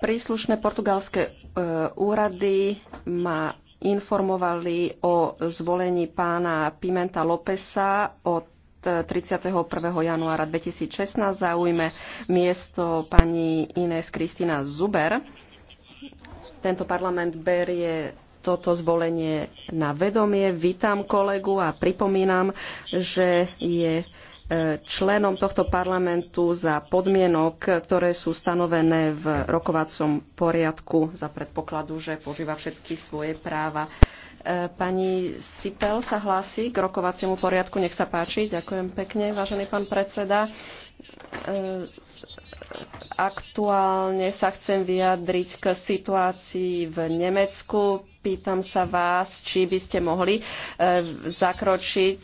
Príslušné portugalské e, úrady ma informovali o zvolení pána Pimenta Lópeza od 31. E, januára 2016 zaujme miesto pani Inés Kristina Zuber. Tento parlament berie toto zvolenie na vedomie. Vítam kolegu a pripomínam, že je členom tohto parlamentu za podmienok, ktoré sú stanovené v rokovacom poriadku za predpokladu, že požíva všetky svoje práva. E, pani Sipel sa hlási k rokovaciemu poriadku. Nech sa páči. Ďakujem pekne, vážený pán predseda. E, aktuálne sa chcem vyjadriť k situácii v Nemecku. Pýtam sa vás, či by ste mohli e, zakročiť